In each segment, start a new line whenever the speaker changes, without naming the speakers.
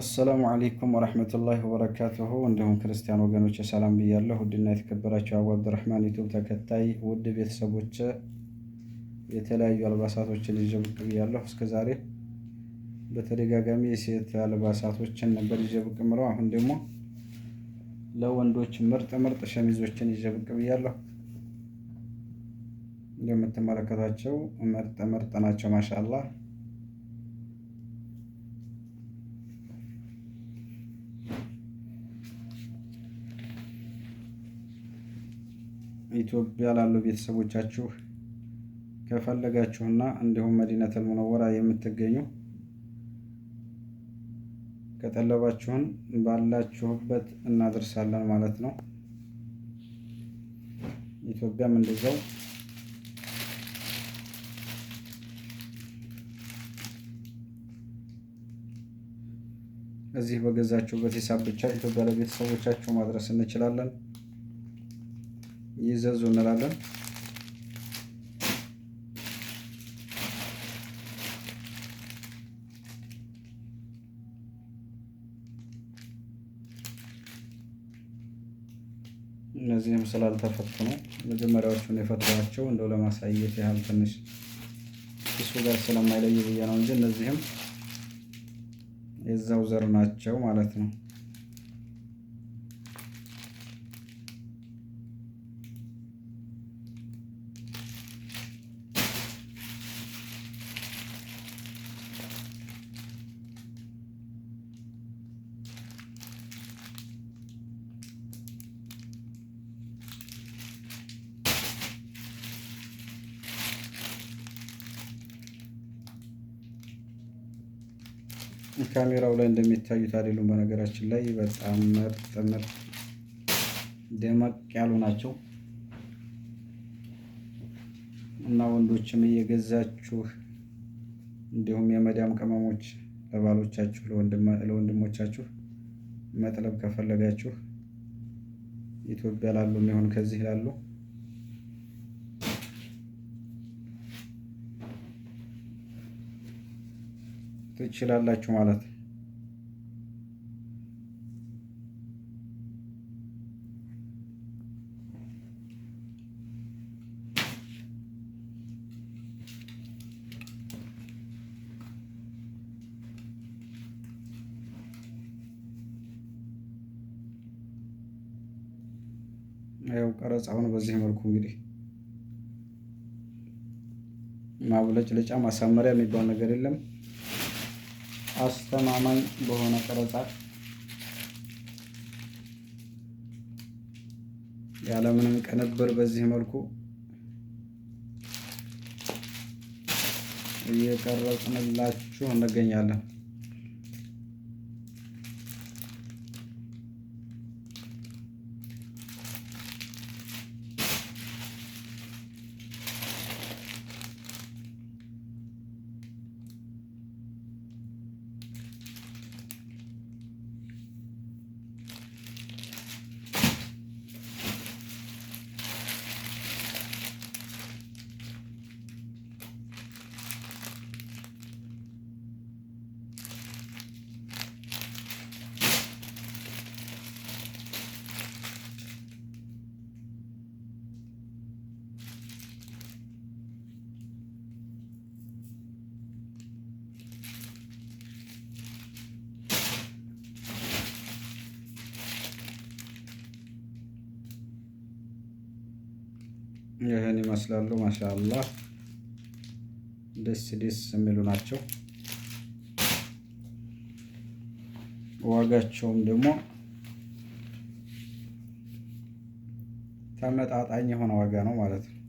አሰላሙ አለይኩም ወረህመቱላሂ ወበረካቱሁ። እንዲሁም ክርስቲያን ወገኖች ሰላም ብያለሁ። ውድና የተከበራቸው አቡ አብዱራህማን ዩቱብ ተከታይ ውድ ቤተሰቦች የተለያዩ አልባሳቶችን ይዤ ብቅ ብያለሁ። እስከዛሬ በተደጋጋሚ የሴት አልባሳቶችን ነበር ይዤ ብቅ ምለው። አሁን ደግሞ ለወንዶች ምርጥ ምርጥ ሸሚዞችን ይዤ ብቅ ብያለሁ። እንደምትመለከቷቸው ምርጥ ምርጥ ናቸው ማሻአላህ ኢትዮጵያ ላሉ ቤተሰቦቻችሁ ከፈለጋችሁና እንዲሁም መዲነቱል ሙነወራ የምትገኙ ከጠለባችሁን ባላችሁበት እናደርሳለን ማለት ነው። ኢትዮጵያም እንደዛው እዚህ በገዛችሁበት ሂሳብ ብቻ ኢትዮጵያ ለቤተሰቦቻችሁ ማድረስ እንችላለን። ይዘዙ እንላለን። እነዚህም ስላልተፈተኑ መጀመሪያዎቹን የፈተዋቸው እንደው ለማሳየት ያህል ትንሽ እሱ ጋር ስለማይለይ ብዬ ነው እንጂ እነዚህም የዛው ዘር ናቸው ማለት ነው። ካሜራው ላይ እንደሚታዩት አይደሉም። በነገራችን ላይ በጣም ምርጥ ምርጥ ደመቅ ያሉ ናቸው እና ወንዶችም እየገዛችሁ እንዲሁም የመዳም ቅመሞች ለባሎቻችሁ ለወንድሞቻችሁ መጥለብ ከፈለጋችሁ ኢትዮጵያ ላሉ የሚሆን ከዚህ ላሉ ትችላላችሁ ማለት ነው። ያው ቀረጻውን በዚህ መልኩ እንግዲህ ለጫ ማሳመሪያ የሚባል ነገር የለም። አስተማማኝ በሆነ ቀረጻ ያለምንም ቅንብር በዚህ መልኩ እየቀረጽንላችሁ እንገኛለን። ይህን ይመስላሉ። ማሻአላህ ደስ ደስ የሚሉ ናቸው። ዋጋቸውም ደግሞ ተመጣጣኝ የሆነ ዋጋ ነው ማለት ነው።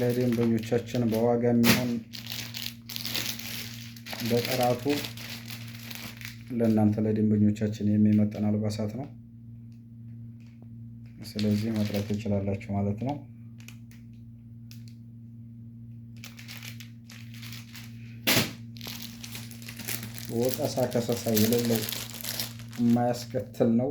ለደንበኞቻችን በዋጋ የሚሆን በጥራቱ ለእናንተ ለደንበኞቻችን የሚመጠን አልባሳት ነው። ስለዚህ መጥራት ትችላላችሁ ማለት ነው። ወቀሳ ከሰሳ የሌለው የማያስከትል ነው።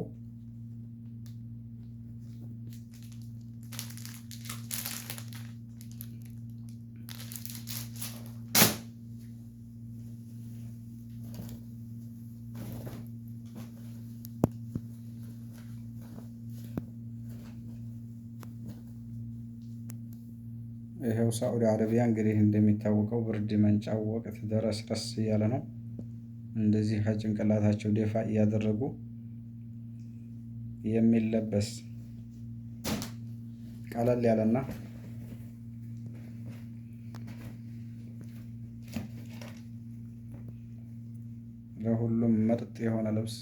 ይኸው ሳዑዲ አረቢያ እንግዲህ እንደሚታወቀው ብርድ መንጫው ወቅት ደረስረስ እያለ ነው። እንደዚህ ከጭንቅላታቸው ደፋ እያደረጉ የሚለበስ ቀለል ያለና ለሁሉም መጠጥ የሆነ ልብስ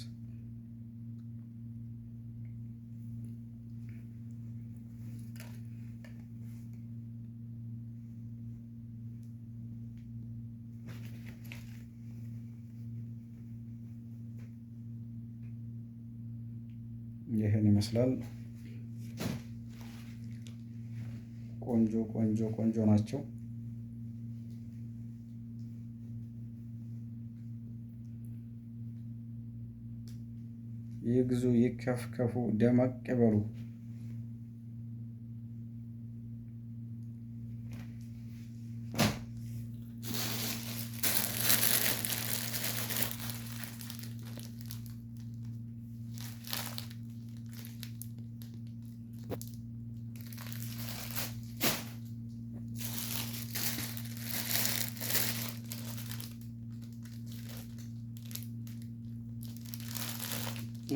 ይመስላል። ቆንጆ ቆንጆ ቆንጆ ናቸው። ይግዙ፣ ይከፍከፉ፣ ደመቅ ይበሉ።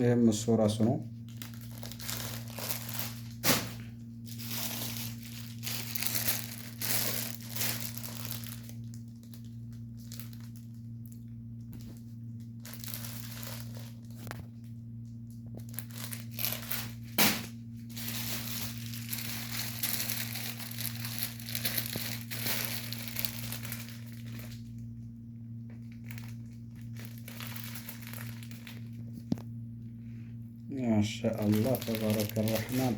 ይህም እሱ ራሱ ነው። Maşallah ve rahman.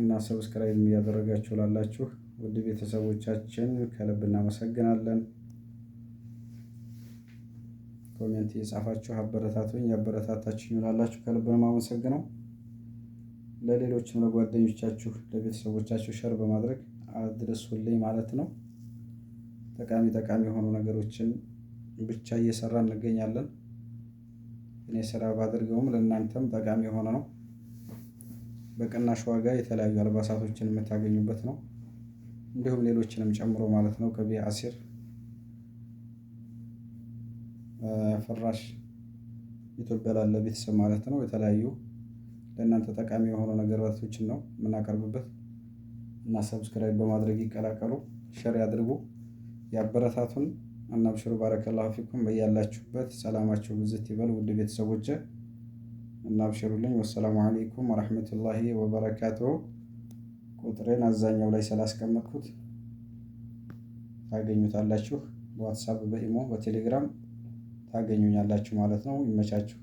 እና ሰብስክራይብ እያደረጋችሁ ላላችሁ ውድ ቤተሰቦቻችን ከልብ እናመሰግናለን። ኮሜንት እየጻፋችሁ አበረታቱኝ። ያበረታታችሁ ላላችሁ ከልብ ነው የማመሰግነው። ለሌሎችም ለጓደኞቻችሁ፣ ለቤተሰቦቻችሁ ሸር በማድረግ አድርሱልኝ ማለት ነው። ጠቃሚ ጠቃሚ የሆኑ ነገሮችን ብቻ እየሰራ እንገኛለን። እኔ ስራ ባድርገውም ለእናንተም ጠቃሚ የሆነ ነው። በቅናሽ ዋጋ የተለያዩ አልባሳቶችን የምታገኙበት ነው። እንዲሁም ሌሎችንም ጨምሮ ማለት ነው ከቢ አሲር ፍራሽ ኢትዮጵያ ላለ ቤተሰብ ማለት ነው የተለያዩ ለእናንተ ጠቃሚ የሆኑ ነገራቶችን ነው የምናቀርብበት እና ሰብስክራይብ በማድረግ ይቀላቀሉ፣ ሸር ያድርጉ፣ ያበረታቱን እና ባረከላሁ ፊኩም። በያላችሁበት ሰላማችሁ ብዝት ይበል ውድ ቤተሰቦች። እና ወሰላሙ አለይኩም ወረህመቱላሂ ወበረካቱሁ። ቁጥሬን አዛኛው ላይ ስላስቀመጥኩት ታገኙታላችሁ። በዋትሳፕ በኢሞ በቴሌግራም ታገኙኛላችሁ ማለት ነው። ይመቻችሁ።